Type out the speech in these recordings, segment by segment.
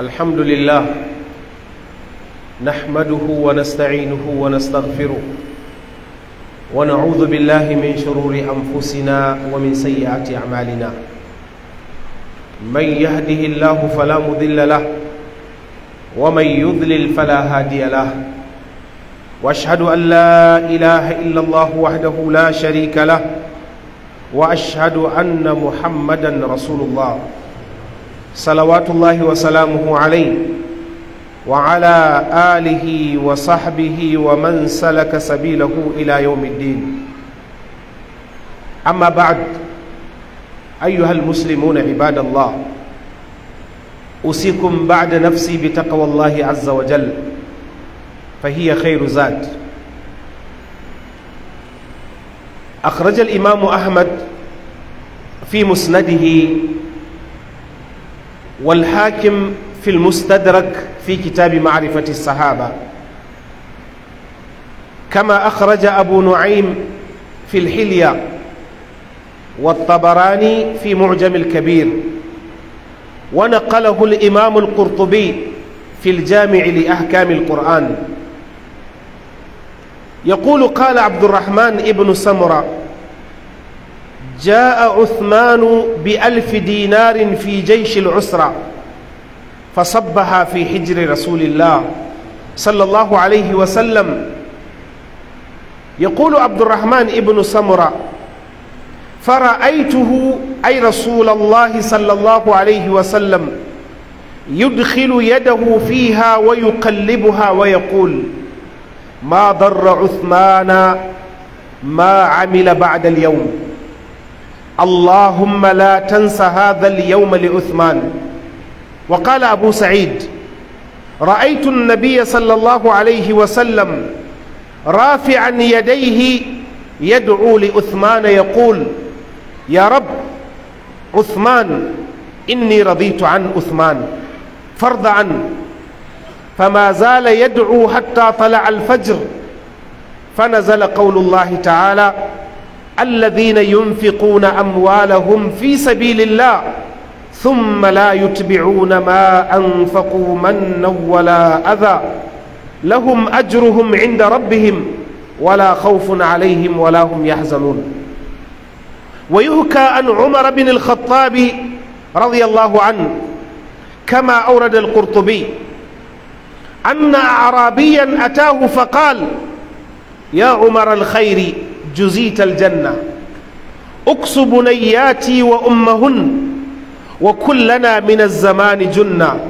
الحمد لله نحمده ونستعينه ونستغفره ونعوذ بالله من شرور أنفسنا ومن سيئات أعمالنا من يهده الله فلا مضل له ومن يضلل فلا هادي له واشهد أن لا إله إلا الله وحده لا شريك له وأشهد أن محمدا رسول الله صلوات الله وسلامه عليه وعلى آله وصحبه ومن سلك سبيله إلى يوم الدين أما بعد أيها المسلمون عباد الله أوصيكم بعد نفسي بتقوى الله عز وجل فهي خير زاد أخرج الإمام أحمد في مسنده والحاكم في المستدرك في كتاب معرفة الصحابة كما أخرج أبو نعيم في الحلية والطبراني في معجم الكبير ونقله الإمام القرطبي في الجامع لأحكام القرآن يقول قال عبد الرحمن ابن سمرة جاء عثمان بألف دينار في جيش العسرة فصبها في حجر رسول الله صلى الله عليه وسلم يقول عبد الرحمن ابن سمرة فرأيته أي رسول الله صلى الله عليه وسلم يدخل يده فيها ويقلبها ويقول ما ضر عثمان ما عمل بعد اليوم اللهم لا تنس هذا اليوم لعثمان وقال أبو سعيد رأيت النبي صلى الله عليه وسلم رافعا يديه يدعو لعثمان يقول يا رب عثمان إني رضيت عن عثمان فرض عنه فما زال يدعو حتى طلع الفجر فنزل قول الله تعالى الذين ينفقون أموالهم في سبيل الله ثم لا يتبعون ما أنفقوا منا ولا أذى لهم أجرهم عند ربهم ولا خوف عليهم ولا هم يحزنون ويهكى عن عمر بن الخطاب رضي الله عنه كما أورد القرطبي أن أعرابيا أتاه فقال يا عمر الخير جزيت الجنة أقص بنياتي وأمهن وكلنا من الزمان جنة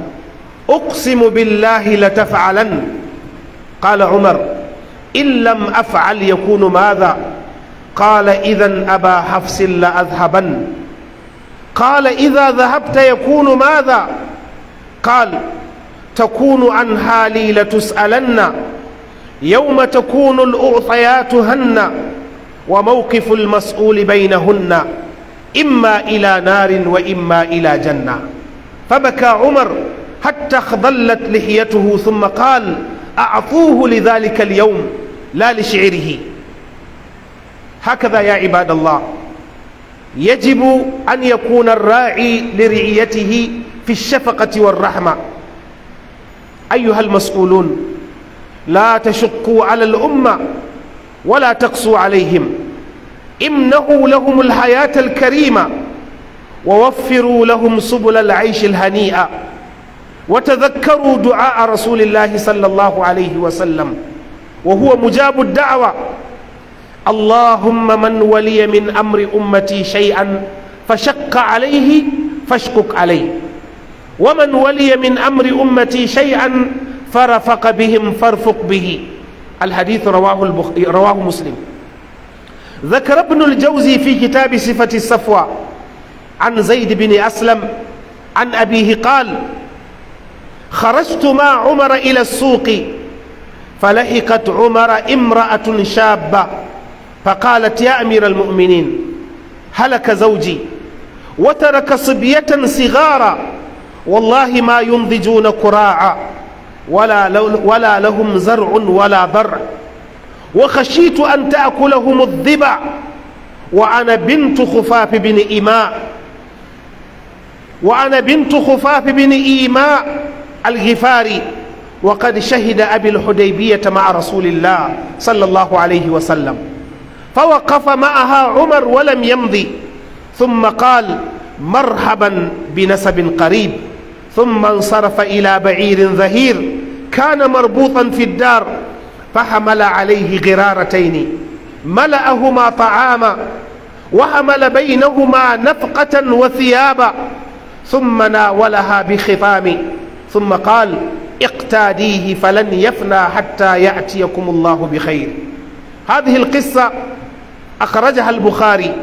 أقسم بالله لتفعلن قال عمر إن لم أفعل يكون ماذا قال إذا أبا حفص لأذهبن قال إذا ذهبت يكون ماذا قال تكون عن حالي لتسألن يوم تكون الأعطيات هنّ وموقف المسؤول بينهن إما إلى نار وإما إلى جنة فبكى عمر حتى خضلت لحيته ثم قال أعطوه لذلك اليوم لا لشعره هكذا يا عباد الله يجب أن يكون الراعي لرعيته في الشفقة والرحمة أيها المسؤولون لا تشقوا على الأمة ولا تقسوا عليهم امنعوا لهم الحياة الكريمة ووفروا لهم سبل العيش الهنيئة وتذكروا دعاء رسول الله صلى الله عليه وسلم وهو مجاب الدعوة اللهم من ولي من أمر أمتي شيئا فشق عليه فاشكك عليه ومن ولي من أمر أمتي شيئا فرفق بهم فارفق به الحديث رواه, البخ... رواه مسلم ذكر ابن الجوزي في كتاب صفة الصفوة عن زيد بن أسلم عن أبيه قال خرجت مع عمر إلى السوق فلحقت عمر امرأة شابة فقالت يا أمير المؤمنين هلك زوجي وترك صبية صغارا والله ما ينضجون كراعا ولا, ولا لهم زرع ولا ضرع وخشيت أن تأكلهم الضبع وأنا بنت خفاف بن إيماء وأنا بنت خفاف بن إيماء الغفاري وقد شهد أبي الحديبية مع رسول الله صلى الله عليه وسلم فوقف معها عمر ولم يمضي ثم قال مرحبا بنسب قريب ثم انصرف إلى بعير ظهير كان مربوطا في الدار فحمل عليه غرارتين ملأهما طعاما وحمل بينهما نفقة وثيابا ثم ناولها بخطام ثم قال اقتاديه فلن يفنى حتى يأتيكم الله بخير هذه القصة أخرجها البخاري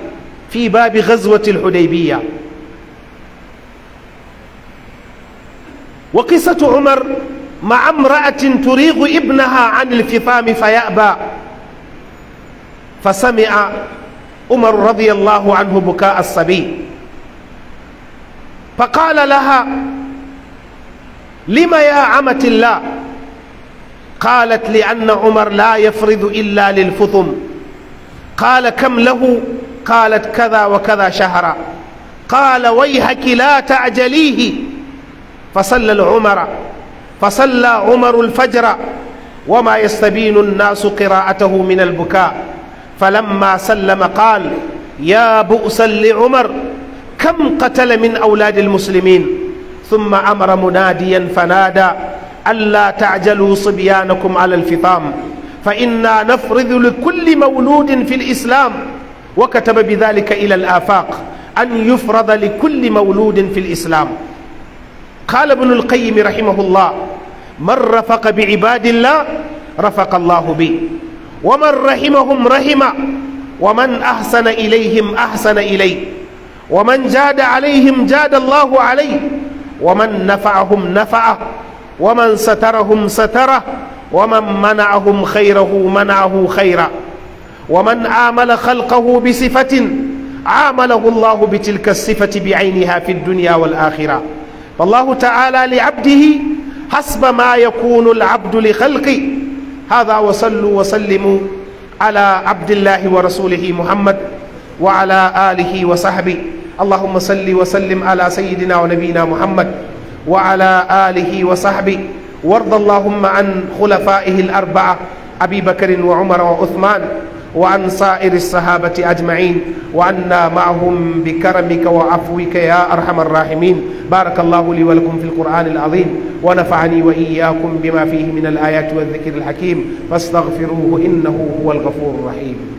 في باب غزوة الحديبية وقصة عمر مع امرأة تريغ ابنها عن الفطام فيأبى فسمع عمر رضي الله عنه بكاء الصبي فقال لها لم يا عمة الله قالت لأن عمر لا يفرض إلا للفطم قال كم له قالت كذا وكذا شهرا قال ويحك لا تعجليه فصلى العمر فصلى عمر الفجر وما يستبين الناس قراءته من البكاء فلما سلم قال يا بؤسا لعمر كم قتل من أولاد المسلمين ثم أمر مناديا فنادى ألا تعجلوا صبيانكم على الفطام فإنا نفرض لكل مولود في الإسلام وكتب بذلك إلى الآفاق أن يفرض لكل مولود في الإسلام قال ابن القيم رحمه الله من رفق بعباد الله رفق الله به ومن رحمهم رحم ومن أحسن إليهم أحسن إليه ومن جاد عليهم جاد الله عليه ومن نفعهم نفعه ومن سترهم ستره ومن منعهم خيره منعه خيرا ومن عامل خلقه بصفة عامله الله بتلك الصفة بعينها في الدنيا والآخرة فالله تعالى لعبده حسب ما يكون العبد لخلقي هذا وصلوا وسلموا على عبد الله ورسوله محمد وعلى آله وصحبه اللهم صل وسلم على سيدنا ونبينا محمد وعلى آله وصحبه وارض اللهم عن خلفائه الأربعة أبي بكر وعمر وعثمان وعن سائر الصحابة أجمعين وعنا معهم بكرمك وعفوك يا أرحم الراحمين بارك الله لي ولكم في القرآن العظيم ونفعني وإياكم بما فيه من الآيات والذكر الحكيم فاستغفروه إنه هو الغفور الرحيم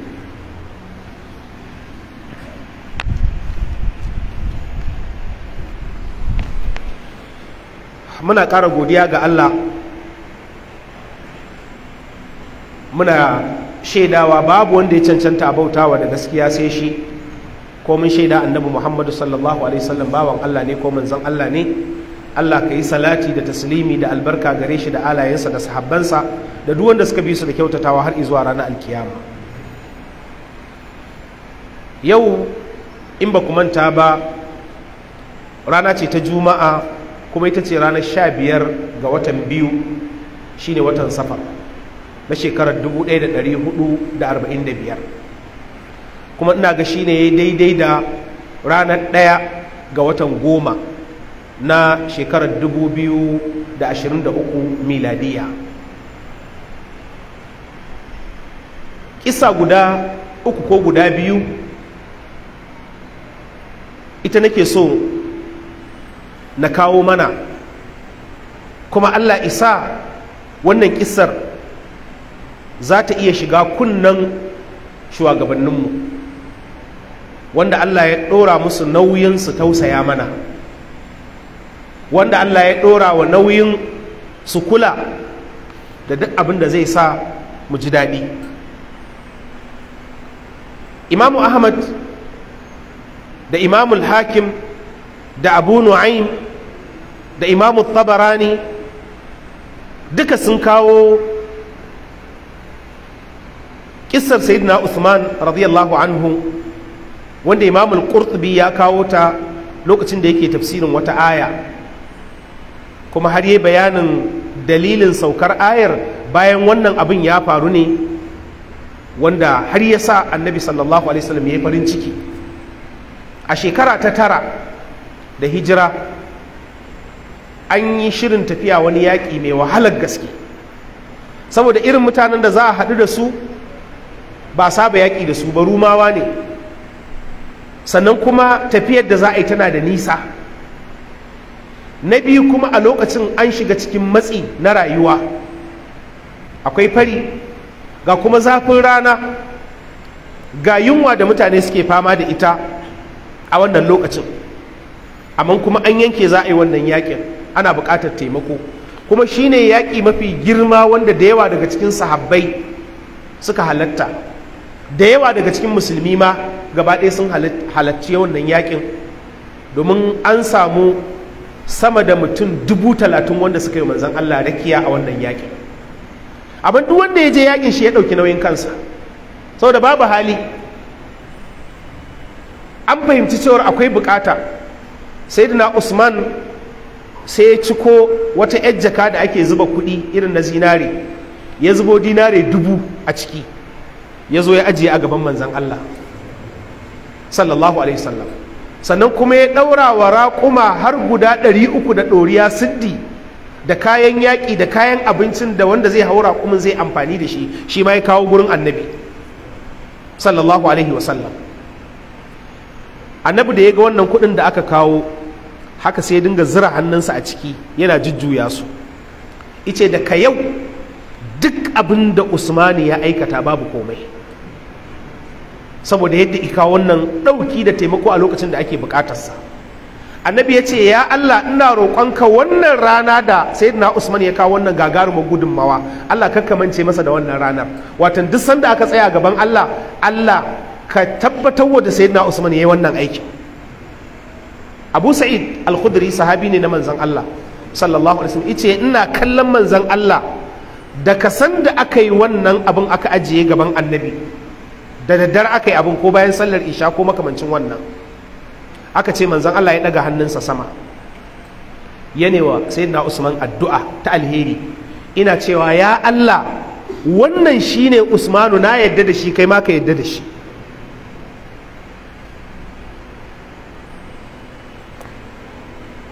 muna ƙara godiya الله Allah shaidawa babu wanda ya cancanta a bautawa da gaskiya sai shi ko mun shaida annabi muhammadu sallallahu alaihi wasallam bawan allah ne ko manzon allah ne allah ka yi salati da taslimi da albarka gare shi da alayensa da sahabbansa da duk wanda suka bi su da kyautatawa har izuwa ranar alkiyama yau in ba ku manta ba rana ce ta juma'a kuma ita ce ranar sha biyar ga watan biyu shine watan safar na shekarar 1445 kuma ina ga shi ne daidai da ranar ɗaya ga watan goma na shekarar 2023 miladiya kisa guda uku ko guda biyu ita nake so na kawo mana kuma allah isa wannan kisar za ta iya shiga kunnan shugabanninmu wanda Allah ya ɗora musu nauyin su tausaya mana wanda Allah ya ɗora wa nauyin su kula da duk abin da zai sa mu ji daɗi imamu ahmad da imamul hakim da abu nu'aim da imamu tabarani duka sun kawo kissar sayyidina usman radiyallahu anhu wanda al qurtubi ya kawo ta lokacin da yake tafsirin wata aya kuma har yi bayanin dalilin saukar ayar bayan wannan abin ya faru ne wanda har ya sa annabi sallallahu alaihi wasallam ya yi farin ciki a shekara ta tara da hijira an yi shirin tafiya wani yaƙi mai wahalar gaske saboda irin mutanen da za a haɗu da su ba saba yaƙi da su ba rumawa ne sannan kuma tafiyar da za a yi tana da nisa na biyu kuma a lokacin an shiga cikin matsi na rayuwa akwai fari ga kuma zafin rana ga yunwa da mutane suke fama da ita a wannan lokacin amma kuma an yanke za a yi wannan yaƙin ana buƙatar taimako kuma shine yaƙi mafi girma wanda da yawa daga cikin sahabbai suka halatta da yawa daga cikin musulmi ma gaba ɗaya sun halarci wannan yakin domin an samu sama da mutum dubu talatin wanda suka yi manzan Allah rakiya a wannan yakin abin duk wanda ya je yakin shi ya ɗauki nauyin kansa saboda babu hali an fahimci cewar akwai bukata dina usman sai ya ciko wata yar da ake zuba kuɗi irin na zinare ya zubo dinare dubu a ciki ya zo ya ajiye a gaban manzan Allah sallallahu alaihi sallam sannan kuma ya ɗaura wa raƙuma har guda ɗari uku da ɗoriya siddi da kayan yaƙi da kayan abincin da wanda zai hau raƙumin zai amfani da shi shi ma ya kawo gurin annabi sallallahu alaihi wa sallam annabi da ya ga wannan kuɗin da aka kawo haka sai ya dinga zira hannunsa a ciki yana jujjuya su ice da ka yau duk abin da usmani ya aikata babu komai saboda yadda ika wannan ɗauki da taimako a lokacin da ake buƙatarsa annabi ya ce ya Allah ina roƙonka wannan rana da sayyidina Usman ya kawo wannan gagarumar gudunmawa Allah kakkamance masa da wannan ranar watan duk sanda aka tsaya gaban Allah Allah ka tabbatar wa da sayyidina Usman ya yi wannan aiki Abu Sa'id Al-Khudri sahabi ne na manzon Allah sallallahu alaihi wasallam yace ina kallon manzon Allah da ka san aka yi wannan abin aka ajiye gaban annabi da daddare aka yi abin ko bayan sallar isha ko makamancin wannan aka ce manzon Allah ya daga hannunsa sama Yanewa sai sayyidina Usman addu'a ta alheri ina cewa ya Allah wannan shi ne Usmanu na yadda da shi kai ma ka yadda da shi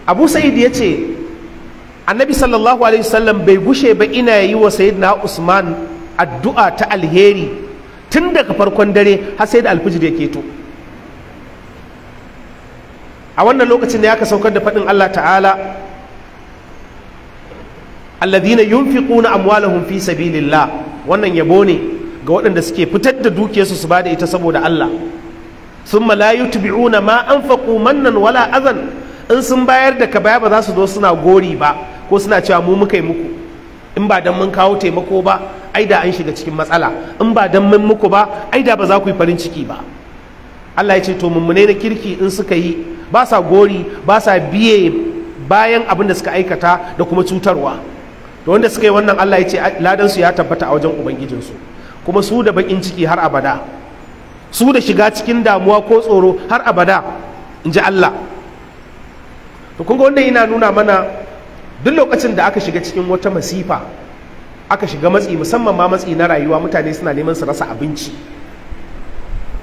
Abu Sa'id ya ce annabi sallallahu alaihi wasallam bai gushe ba ina yi wa sayyidina Usman addu'a ta alheri tun daga farkon dare har sai da alfijir ya keto a wannan lokacin da ya ka saukar da faɗin Allah ta'ala alladhina yunfiquna amwalahum fi sabilillah wannan yabo ne ga waɗanda suke fitar da dukiyarsu su bada ita saboda Allah thumma la yutbi'una ma anfaqu mannan wala azan in sun bayar da ka baya ba za su zo suna gori ba ko suna cewa mu muka yi muku in ba dan mun kawo taimako ba ai da an shiga cikin matsala in ba dan mun muku ba ai da ba za ku yi farin ciki ba Allah ya ce to mummune na kirki in suka yi ba sa gori ba sa biye bayan abin da suka aikata da kuma cutarwa to wanda suka yi wannan Allah ya ce ladan su ya tabbata a wajen su kuma su da bakin ciki har abada su da shiga cikin damuwa ko tsoro har abada in ji Allah to kun ga wannan yana nuna mana duk lokacin da aka shiga cikin wata masifa aka shiga matsi musamman ma matsi na rayuwa mutane suna neman su rasa abinci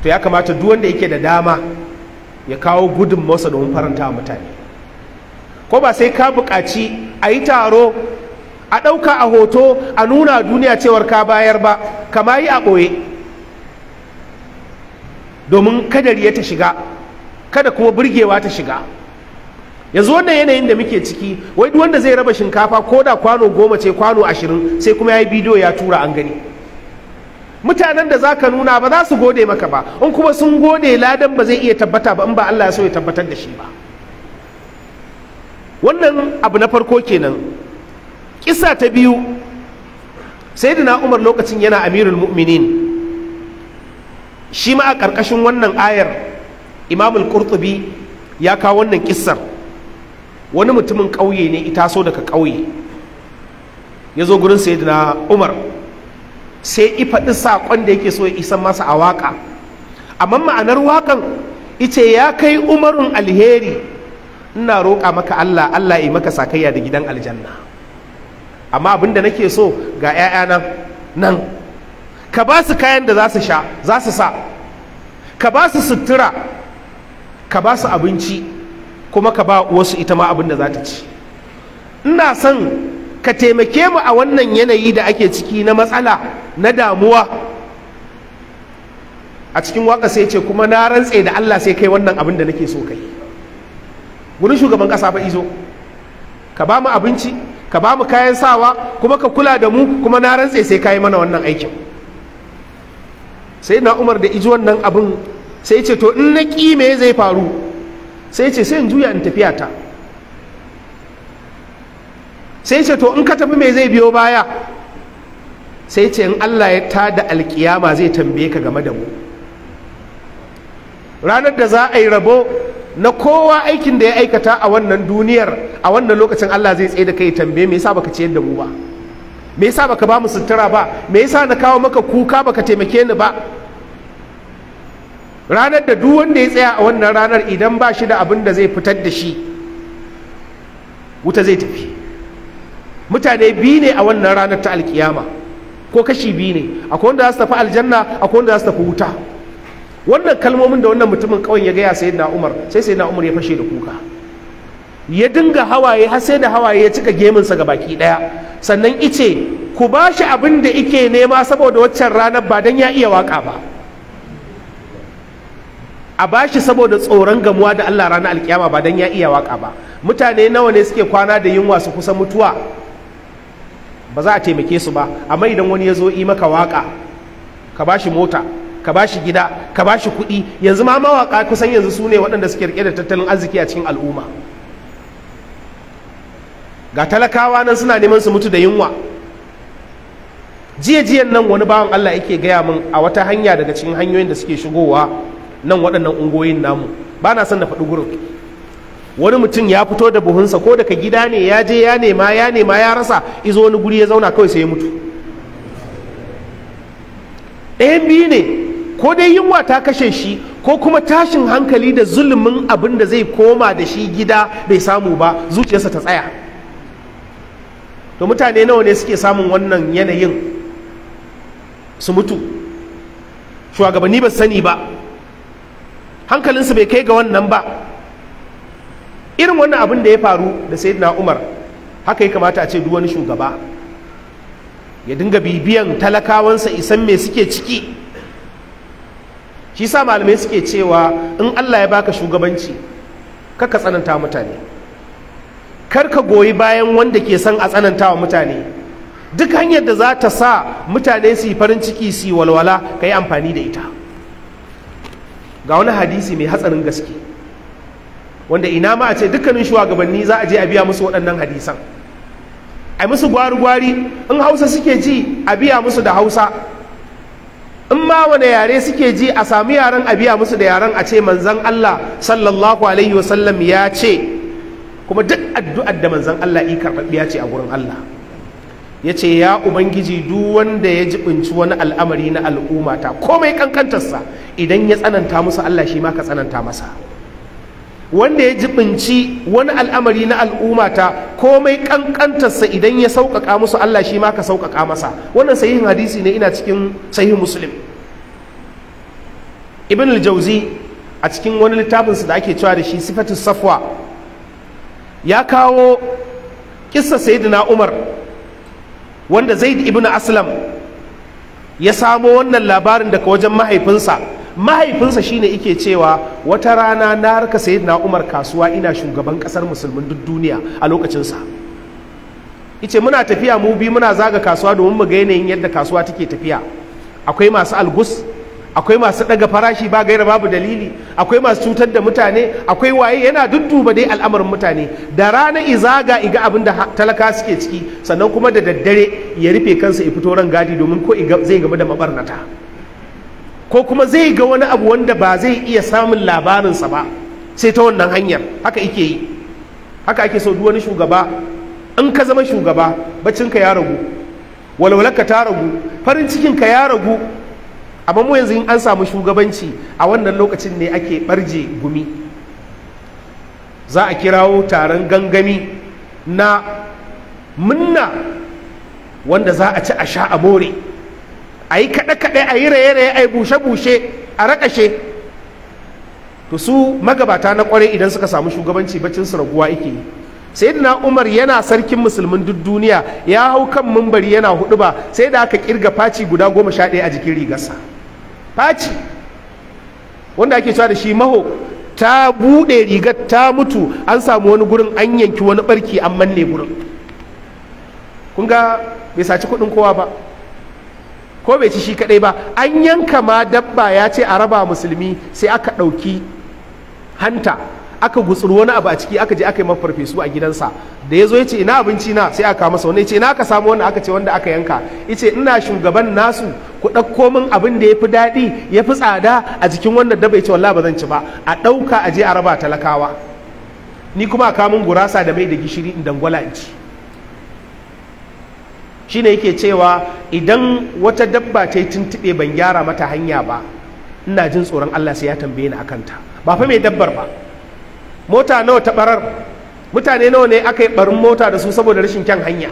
to ya kamata duk wanda yake da dama ya kawo gudun masa domin faranta wa mutane ko ba sai ka buƙaci a yi taro a ɗauka a hoto a nuna duniya cewar ka bayar ba kama yi a ɓoye domin kadari ya ta shiga kada kuma burgewa ta shiga yanzu wannan yanayin da muke ciki wai duk wanda zai raba shinkafa ko da kwano goma ce kwano ashirin sai kuma ya yi bidiyo ya tura an gani mutanen da za ka nuna ba za su gode maka ba in kuma sun gode ladan ba zai iya tabbata ba in ba Allah ya so ya tabbatar da shi ba wannan abu na farko kenan kisa ta biyu sayyidina Umar lokacin yana amirul mu'minin shi ma a ƙarƙashin wannan ayar imamul qurtubi ya kawo wannan kisar. wani mutumin ƙauye ne ita so daga ƙauye ya zo gurin sai na umar sai ifaɗi saƙon da yake so ya isan masa a waƙa amma ma'anar waƙan ice ya kai umarun alheri ina roƙa maka allah allah yi maka sakayya da gidan aljanna amma abin da nake so ga 'ya'yana nan ka ba su kayan da za sha za su sa ka ba su sutura ka ba su abinci kuma ka ba wasu ita ma abin da za ta ci ina son ka taimake mu a wannan yanayi da ake ciki na matsala na damuwa a cikin waka sai ce kuma na rantse da Allah sai kai wannan abin da nake so kai gurin shugaban kasa fa izo ka ba mu abinci ka ba mu kayan sawa kuma ka kula da mu kuma na rantse sai kai mana wannan aikin sai na umar da ijo wannan abin sai ce to in na ƙi me zai faru sai ce sai in juya in tafiya ta sai ce to in ka tafi mai zai biyo baya sai ce in Allah ya ta da alkiyama zai tambaye ka game da mu ranar da za a yi rabo na kowa aikin da ya aikata a wannan duniyar a wannan lokacin Allah zai tsaye da kai tambaye me yasa baka ciyar da mu ba me yasa baka ba mu sutura ba me yasa na kawo maka kuka baka taimake ni ba ranar da duk wanda ya tsaya a wannan ranar idan ba shi da abin da zai fitar da shi wuta zai tafi mutane biyu ne a wannan ranar ta alkiyama ko kashi biyu ne akwai wanda za su tafi aljanna akwai wanda za su tafi wuta wannan kalmomin da wannan mutumin kawai ya gaya sayyidina umar sai sayyidina umar ya fashe da kuka ya dinga hawaye har sai da hawaye ya cika geminsa ga baki daya sannan ice ku ba shi abin da ike nema saboda waccan ranar ba dan ya iya waka ba a bashi saboda tsoron gamuwa da Allah ranar alkiyama ba dan ya iya waka ba mutane nawa ne suke kwana da yunwa su kusa mutuwa ba za a taimake su ba amma idan wani ya zo yi maka waka ka bashi mota ka bashi gida ka bashi kuɗi yanzu ma mawaka kusan yanzu su ne waɗanda suke rike da tattalin arziki a cikin al'umma ga talakawa nan suna neman su mutu da yunwa jiya jiyan nan wani bawan Allah yake gaya min a wata hanya daga cikin hanyoyin da suke shigowa nan waɗannan ungoyin namu ba na son na faɗi gurin wani mutum ya fito da buhunsa ko daga gida ne ya je ya nema ya nema ya rasa izo wani guri ya zauna kawai sai ya mutu ɗayan biyu ne ko dai yunwa ta kashe shi ko kuma tashin hankali da zulumin abin da zai koma da shi gida bai samu ba zuciyarsa ta tsaya to mutane nawa ne suke samun wannan yanayin su mutu shugabanni ba sani ba hankalinsu bai kai ga wannan ba irin wannan abin da ya faru da sayyidina umar haka ya kamata a ce duk wani shugaba ya dinga bibiyan talakawansa isan me suke ciki shi sa malamai suke cewa in allah ya baka shugabanci kaka tsananta mutane kar ka goyi bayan wanda ke son a tsananta wa mutane duk hanyar da za ta sa mutane su yi farin ciki su yi walwala ka yi amfani da ita ga wani hadisi mai hatsarin gaske wanda ina ma a ce dukkanin shugabanni za a je a biya musu waɗannan hadisan a musu gwari-gwari in hausa suke ji a biya musu da hausa in ma wane yare suke ji a sami yaren a biya musu da yaren a ce manzan Allah sallallahu alaihi wasallam ya ce kuma duk addu'ar da manzan Allah ikar ɓaɓɓiya ce a wurin Allah ya ce ya ubangiji duk wanda ya jibinci wani al'amari na al'umma ta komai kankantarsa idan ya tsananta musu Allah shi ma ka tsananta masa wanda ya jibinci wani al'amari na al'umma ta komai kankantarsa idan ya sauƙaƙa musu Allah shi ma ka sauƙaƙa masa wannan sahihin hadisi ne ina cikin sahihin muslim ibn al-jauzi a cikin wani littafinsa da ake cewa da shi sifatu safwa ya kawo kissa sayyidina umar wanda zaid ibn aslam ya samo wannan labarin daga wajen mahaifinsa mahaifinsa shine ike cewa wata rana na harka sayi na umar kasuwa ina shugaban kasar musulmin duk duniya a lokacinsa ice muna tafiya mu bi muna zaga kasuwa domin mu ga yanayin yadda kasuwa take tafiya akwai masu algus akwai masu ɗaga farashi ba gaira babu dalili akwai masu cutar da mutane akwai waye yana dudduba dai al'amarin mutane da rana izaga iga abin da talaka suke ciki sannan kuma da daddare ya rufe kansa ya fito ran gadi domin ko zai gaba da mabarnata ko kuma zai ga wani abu wanda ba zai iya samun labarinsa ba sai ta wannan hanyar haka ike yi haka ake so duk wani shugaba in ka zama shugaba baccinka ya ragu walwalarka ta ragu farin cikinka ya ragu amma mu yanzu in an samu shugabanci a wannan lokacin ne ake barje gumi za a kirawo taron gangami na munna wanda za a ci a sha a more a yi kaɗe-kaɗe a yi raye-raye a yi bushe-bushe a raƙashe to su magabata na ƙwarai idan suka samu shugabanci bacin su raguwa yake yi na umar yana sarkin musulmin duk duniya ya hau kan mumbari yana hudu ba sai da aka kirga faci guda goma sha ɗaya a jikin rigarsa faci wanda ake cewa da shi maho ta buɗe rigar ta mutu an samu wani gurin an yanki wani barki an manne gurin kun ga bai saci kuɗin kowa ba ko bai ci shi kaɗai ba an yanka ma dabba ya ce a raba musulmi sai aka ɗauki hanta aka gutsuru wani abu a ciki aka je aka yi farfesu a gidansa da ya zo ya ce ina abinci na sai aka masa wani ya ce ina aka samu wani aka ce wanda aka yanka ya ce ina shugaban nasu ku ɗauko min abin da ya fi daɗi ya fi tsada a jikin wannan da bai ce wallahi ba zan ci ba a ɗauka a je a raba talakawa ni kuma a kamun gurasa da mai da gishiri in dangwala in ci shine yake cewa idan wata dabba ta yi tuntuɓe ban gyara mata hanya ba ina jin tsoron Allah sai ya tambaye ni akanta ba fa mai dabbar ba mota nawa ta barar mutane nawa ne aka yi barin mota da su saboda rashin kyan hanya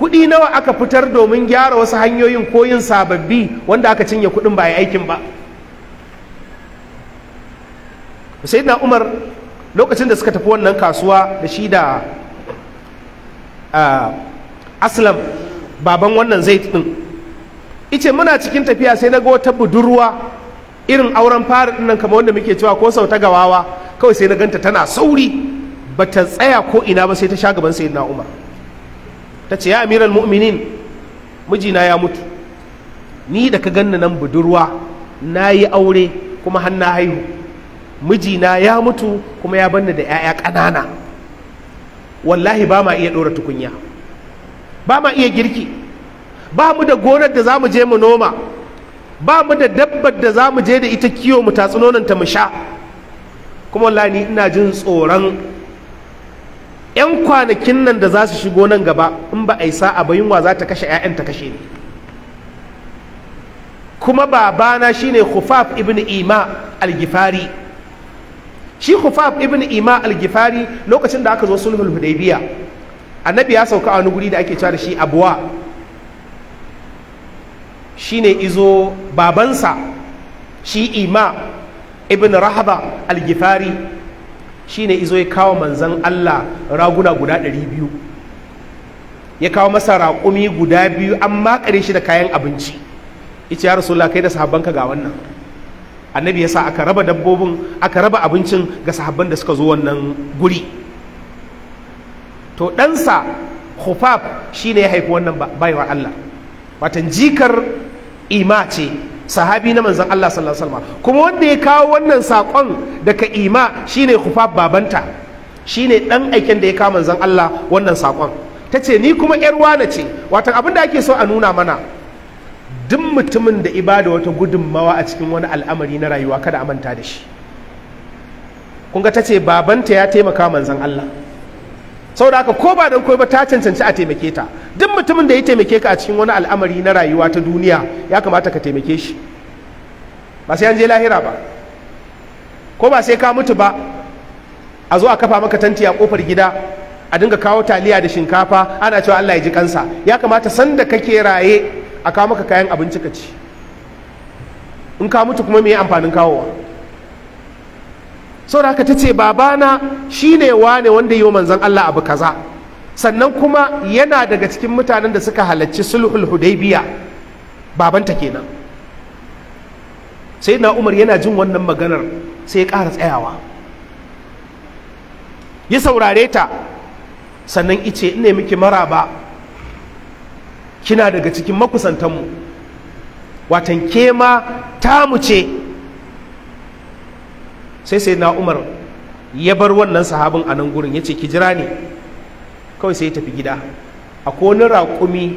kuɗi nawa aka fitar domin gyara wasu hanyoyin ko yin sababbi wanda aka cinye kuɗin ba ya aikin ba na umar lokacin da suka tafi wannan kasuwa da shi da ah, aslam baban wannan zait ɗin ice muna cikin tafiya sai na ga wata budurwa irin auren fara nan kamar wanda muke cewa ko sau ta gawawa kawai sai na ganta tana sauri ba ta tsaya ko ina ba sai ta sha gaban na umar ta ce ya amiral mu'minin mijina ya mutu ni da ka ganna nan budurwa na yi aure kuma hannu na haihu mijina ya mutu kuma ya banna da 'ya'ya ƙanana wallahi ba ma iya ɗora tukunya ba ma iya girki ba mu da gonar da za mu je mu noma ba mu da dabbar da za mu je da ita kiwo mu tatsi ta mu sha kuma wallahi ina jin tsoron yan kwanakin nan da za su shigo nan gaba in ba a yi sa'a ba yunwa za ta kashe 'ya'yan ta kashe ni kuma babana shine khufaf ibn ima al-gifari shi khufaf ibn ima al-gifari lokacin da aka zo sulhul hudaybiya annabi ya sauka a wani guri da ake cewa da shi abuwa shine izo babansa shi ima ibn rahaba al-gifari shine izo ya kawo manzan Allah raguna guda 200 ya kawo masa raƙumi guda biyu an makare shi da kayan abinci ita ya rasulullah kai da sahabbanka ga wannan annabi yasa aka raba dabbobin aka raba abincin ga sahabban da suka zo wannan guri to ɗansa hufaf shine ya haifi wannan baiwa Allah watan jikar ima ce sahabi na manzon Allah sallallahu alaihi wasallam kuma wanda ya kawo wannan sakon daga ima shine kufa babanta shine dan aiken da ya kawo manzon Allah wannan sakon ta ce ni kuma yar wana ce watan abin da ake so a nuna mana duk mutumin da ibada wata gudunmawa a cikin wani al'amari na rayuwa kada a manta da shi kun ga ta ce babanta ya taimaka manzon Allah Sau da haka ko ba don koi ba ta cancanci a taimake ta duk mutumin da ya taimake ka a cikin wani al'amari na rayuwa ta duniya ya kamata ka taimake shi ba sai an je lahira ba ko ba sai ka mutu ba a zo a kafa maka tanti a kofar gida a dinga kawo taliya da shinkafa ana cewa Allah ya ji kansa ya kamata san sanda kake raye a kawo maka kayan abinci ka ci in ka mutu kuma me amfanin kawowa saboda haka ta ce babana shine wane wanda yi wa manzon Allah abu kaza sannan kuma yana daga cikin mutanen da suka halarci sulhul hudaybiya babanta kenan sai na umar yana jin wannan maganar sai ya kara tsayawa ya saurare ta sannan ice in ne miki maraba kina daga cikin makusantanmu watan kema ta mu ce sai sai na umar ya bar wannan sahabin a nan gurin ya ce ki jira ne kawai sai ya tafi gida a wani raƙumi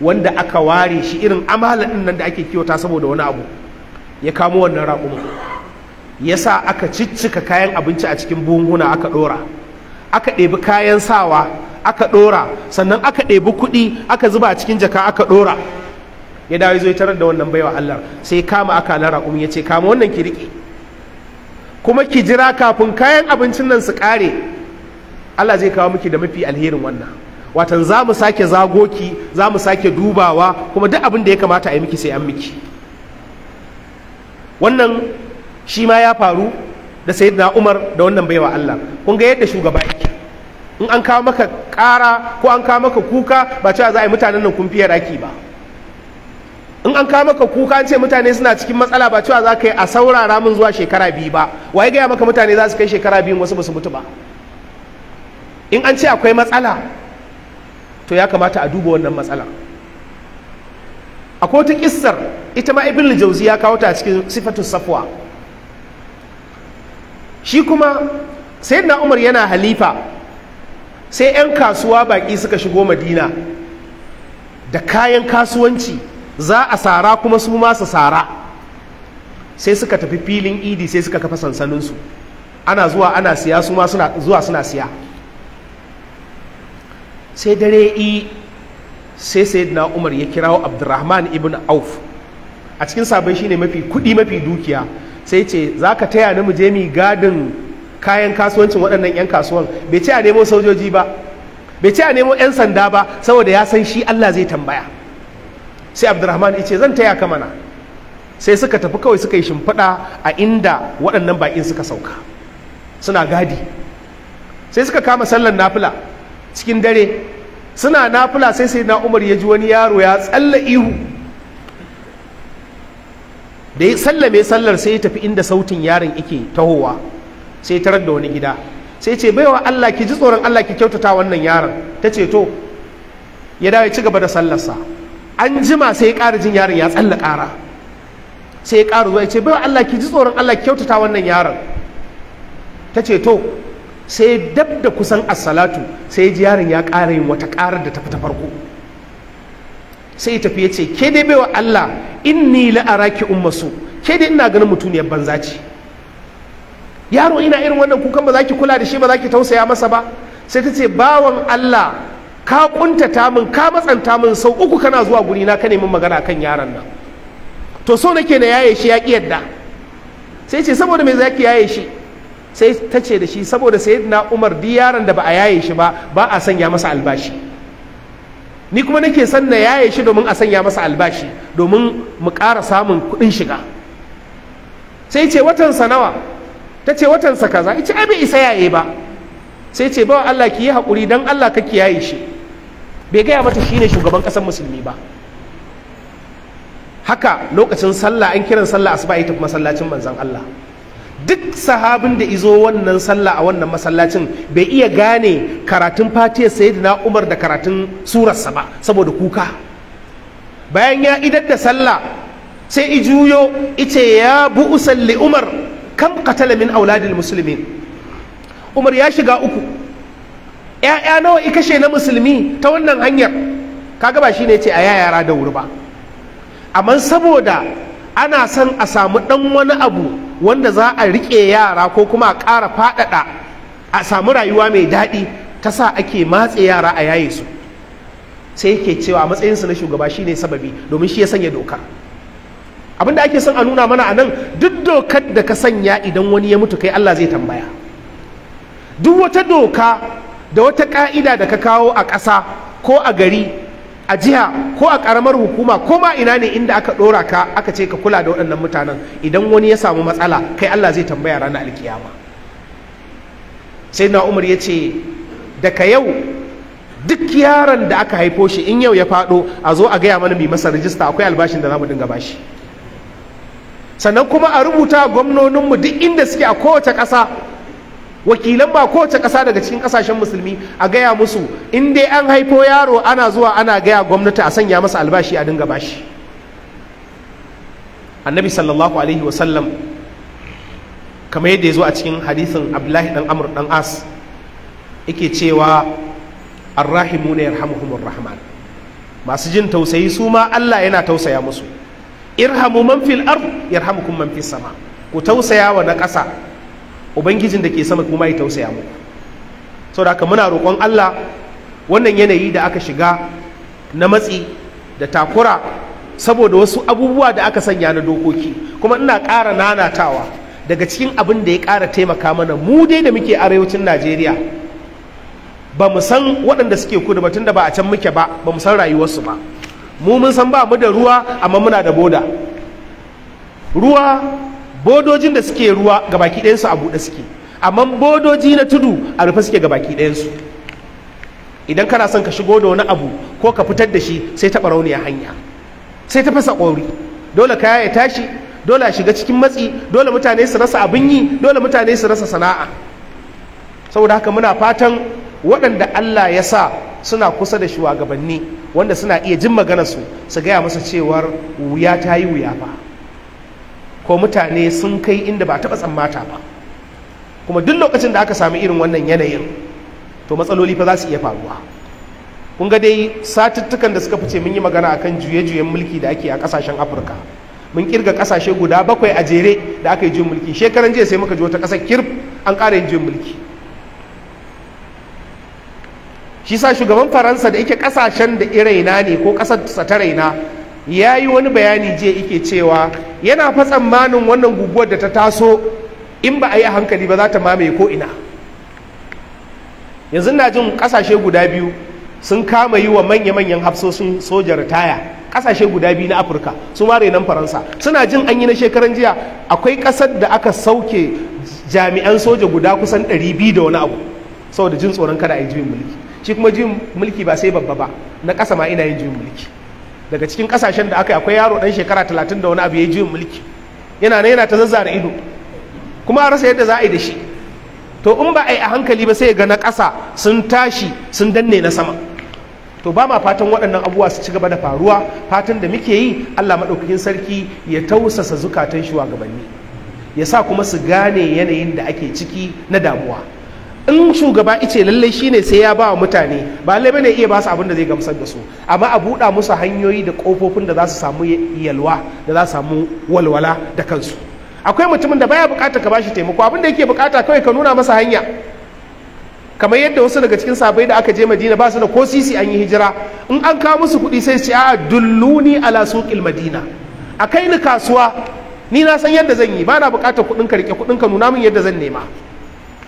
wanda aka ware shi irin amala ɗin nan da ake kiwata saboda wani abu ya kamo wannan raƙumin ya sa aka ciccika kayan abinci a cikin buhunhuna aka ɗora aka ɗebi kayan sawa aka ɗora sannan aka ɗebi kuɗi aka zuba a cikin jaka aka ɗora ya dawo zai zo ya tarar da wannan baiwa Allah sai kama aka lara ya ce kama wannan ki riƙe kuma ki jira kafin kayan abincin nan su ƙare Allah zai kawo miki da mafi alherin wannan watan za mu sake zagoki za mu sake dubawa kuma duk abin da ya kamata a yi miki sai an miki wannan shi ma ya faru da sayyidina umar da wannan baiwa Allah kun ga yadda shugaba yake in an kawo maka ƙara ko an kawo maka kuka ba cewa za a yi mutanen nan kun fiye raki ba in an kawo maka kuka an ce mutane suna cikin matsala ba cewa za ka yi a saurara min zuwa shekara biyu ba wa ya gaya maka mutane za su kai shekara biyu wasu ba su mutu ba in an ce akwai matsala to ya kamata a duba wannan matsala. A kotun kissar ita ma ibn jauzi ya kawo ta cikin sifatu safwa shi kuma na umar yana halifa sai 'yan kasuwa baƙi suka shigo madina da kayan kasuwanci za a sara kuma su ma su sara sai suka tafi filin idi sai suka kafa sansaninsu ana zuwa ana siya su ma zuwa suna siya sai dare i sai na umar ya kirawo abdurrahman ibn auf a cikin sabon shine mafi kudi mafi dukiya sai ce za ka taya ni mu je mi gadin kayan kasuwancin waɗannan 'yan kasuwan bai ce a nemo sojoji ba bai ce a nemo 'yan sanda ba saboda ya san shi allah zai tambaya sai abdurrahman ya zan taya ka mana sai suka tafi kawai suka yi shimfiɗa a inda waɗannan baƙin suka sauka suna gadi sai suka kama sallar nafila cikin dare suna nafila sai sai na umar ya ji wani yaro ya tsalla ihu da ya sallame sallar sai ya tafi inda sautin yaron yake tahowa sai tarar da wani gida sai ce baiwa Allah ki ji tsoron Allah ki kyautata wannan yaron ta ce to ya dawo ya ci gaba da sallarsa an jima sai ya ƙara jin yaron ya tsalla ƙara sai ya ƙara zuwa ya ce bai Allah ki ji tsoron Allah kyautata wannan yaron ta ce to sai dab da kusan asalatu sai ji yaron ya ƙara yin wata ƙarar da tafi ta farko sai tafi ya ce ke dai wa Allah inni umma ummasu ke dai ina ganin mutuniyar banza ce yaro ina irin wannan kukan ba za ki kula da shi ba za ki tausaya masa ba sai ta ce bawan Allah ka kuntata min ka matsanta min sau uku kana zuwa guri na ka nemi magana kan yaron nan to so nake na yaye shi ya ki yadda sai ce saboda me zaki yaye shi sai ta ce da shi saboda sayyidina Umar di yaron da ba a yaye shi ba ba a sanya masa albashi ni kuma nake san na yaye shi domin a sanya masa albashi domin mu ƙara samun kuɗin shiga sai ce watan sa nawa ta ce watan sa kaza ita ai bai isa yaye ba sai ce bawa Allah ki yi hakuri dan Allah ka kiyaye shi bai gaya mata ne shugaban ƙasar musulmi ba haka lokacin sallah an kiran sallah asuba ya tafi masallacin manzon Allah duk sahabin da izo wannan sallah a wannan masallacin bai iya gane karatun fatiyar sayyidina Umar da karatun surarsa ba saboda kuka bayan ya idar da sallah sai ijuyo ice ya bu'usan li Umar kam qatala min auladil muslimin Umar ya shiga uku 'ya'ya nawa ika kashe na musulmi ta wannan hanyar kaga ba shine ce a yara da wuri ba amma saboda ana son a samu ɗan wani abu wanda za a riƙe yara ko kuma a ƙara faɗaɗa a samu rayuwa mai daɗi ta sa ake matse yara a yaye su sai yake cewa a matsayinsu na shugaba shine sababi domin shi ya sanya doka abinda ake son a nuna mana a nan duk dokar da ka sanya idan wani ya mutu kai Allah zai tambaya duk wata doka da wata ka'ida da ka kawo a ƙasa ko a gari a jiha ko a ƙaramar hukuma ko ma ina ne inda aka ɗora ka aka ce ka kula da waɗannan mutanen idan wani ya samu matsala kai Allah zai tambaya rana alkiyama sai na umar ya ce daga yau duk yaron da aka haifo shi in yau ya faɗo a zo a gaya mana mai masa rijista akwai albashin da za mu dinga bashi sannan kuma a rubuta gwamnoninmu duk inda suke a kowace ƙasa wakilan ba kowace ƙasa daga cikin ƙasashen musulmi a gaya musu in dai an haifo yaro ana zuwa ana gaya gwamnati a sanya masa albashi a dinga bashi annabi sallallahu alaihi wasallam kamar yadda ya zo a cikin hadisin abdullahi dan Amur dan as yake cewa arrahimu ne yarhamuhumur rahman masu jin tausayi su ma Allah yana tausaya musu irhamu man fil ard yarhamukum man fis sama ku tausaya wa na ƙasa ubangijin da ke sama kuma ya tausaya mu saboda haka muna roƙon Allah wannan yanayi da aka shiga na matsi da takura saboda wasu abubuwa da aka sanya na dokoki kuma ina ƙara nanatawa daga cikin abin da ya ƙara taimaka mana mu dai da muke arewacin Najeriya ba mu san waɗanda suke kudu ba tun da ba a can muke ba ba mu san rayuwarsu ba mu mun san ba mu da ruwa amma muna da boda ruwa bodojin da suke ruwa ga baki ɗayansu a buɗe suke amma bodoji na tudu a rufe suke ga baki ɗayansu idan kana son ka shigo da wani abu ko ka fitar da shi sai ta barauniya hanya sai ta fasa ƙori dole kaya ya tashi dole a shiga cikin matsi dole mutane su rasa abin yi dole mutane su rasa sana'a saboda haka muna fatan waɗanda Allah ya sa suna kusa da shugabanni wanda suna iya jin maganarsu su gaya masa cewar wuya ta yi wuya fa ko mutane sun kai inda ba taɓa tsammata ba kuma duk lokacin da aka sami irin wannan yanayin to matsaloli fa za su iya faruwa kun ga dai satuttukan da suka fice mun yi magana akan juye-juyen mulki da ake a kasashen afirka mun kirga kasashe guda bakwai a jere da aka yi juyin mulki shekaran jiya sai muka ji wata ƙasar kirf an ƙara yin juyin mulki shi sa shugaban faransa da yake kasashen da iraina ne ko ƙasar ta raina ya yi wani bayani je ike cewa yana fatsan manin wannan guguwar da ta taso in ba a yi hankali ba za ta mamaye ko ina yanzu na jin kasashe guda biyu sun kama yi wa manya-manyan hafsoshin soja ritaya kasashe guda biyu na afirka su mare nan faransa suna jin an yi na shekaran jiya akwai kasar da aka sauke jami'an soja guda kusan 200 da wani abu saboda jin tsoron kada a yi juyin mulki shi kuma juyin mulki ba sai babba ba na ƙasa ma ina yin juyin mulki daga cikin kasashen da aka yi akwai yaro dan shekara talatin da wani abu ya juyin mulki yana na yana ta zazzara ido kuma a rasa yadda za a yi da shi to in ba a yi a hankali ba sai ga na ƙasa sun tashi sun danne na sama to ba ma fatan waɗannan abubuwa su ci gaba da faruwa fatan da muke yi allah maɗaukakin sarki ya tausasa zukatan shugabanni ya sa kuma su gane yanayin da ake ciki na damuwa in shugaba ice lallai shine sai ya ba wa mutane ba lallai bane iya ba su abin da zai gamsar da su amma a buɗa musu hanyoyi da ƙofofin da za su samu yalwa da za su samu walwala da kansu akwai mutumin da baya bukata ka bashi taimako abin da yake bukata kawai ka nuna masa hanya kamar yadda wasu daga cikin sabai da aka je madina ba su da ko sisi an yi hijira in an kawo musu kuɗi sai su ce a dulluni ala suqil madina a kai ni kasuwa ni na san yadda zan yi ba na bukatar kuɗin ka rike kuɗin ka nuna min yadda zan nema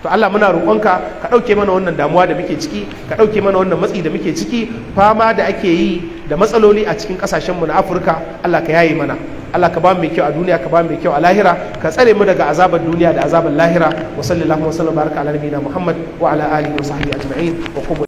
to Allah muna roƙonka ka ɗauke mana wannan damuwa da muke ciki ka ɗauke mana wannan matsi da muke ciki fama da ake yi da matsaloli a cikin ƙasashenmu na Afirka Allah ka yaye mana Allah ka ba mu mai kyau a duniya ka ba mu mai kyau a lahira ka tsare mu daga azabar duniya da azabar lahira wa sallallahu wa sallam baraka ala Muhammad wa ala alihi wa sahbihi ajma'in wa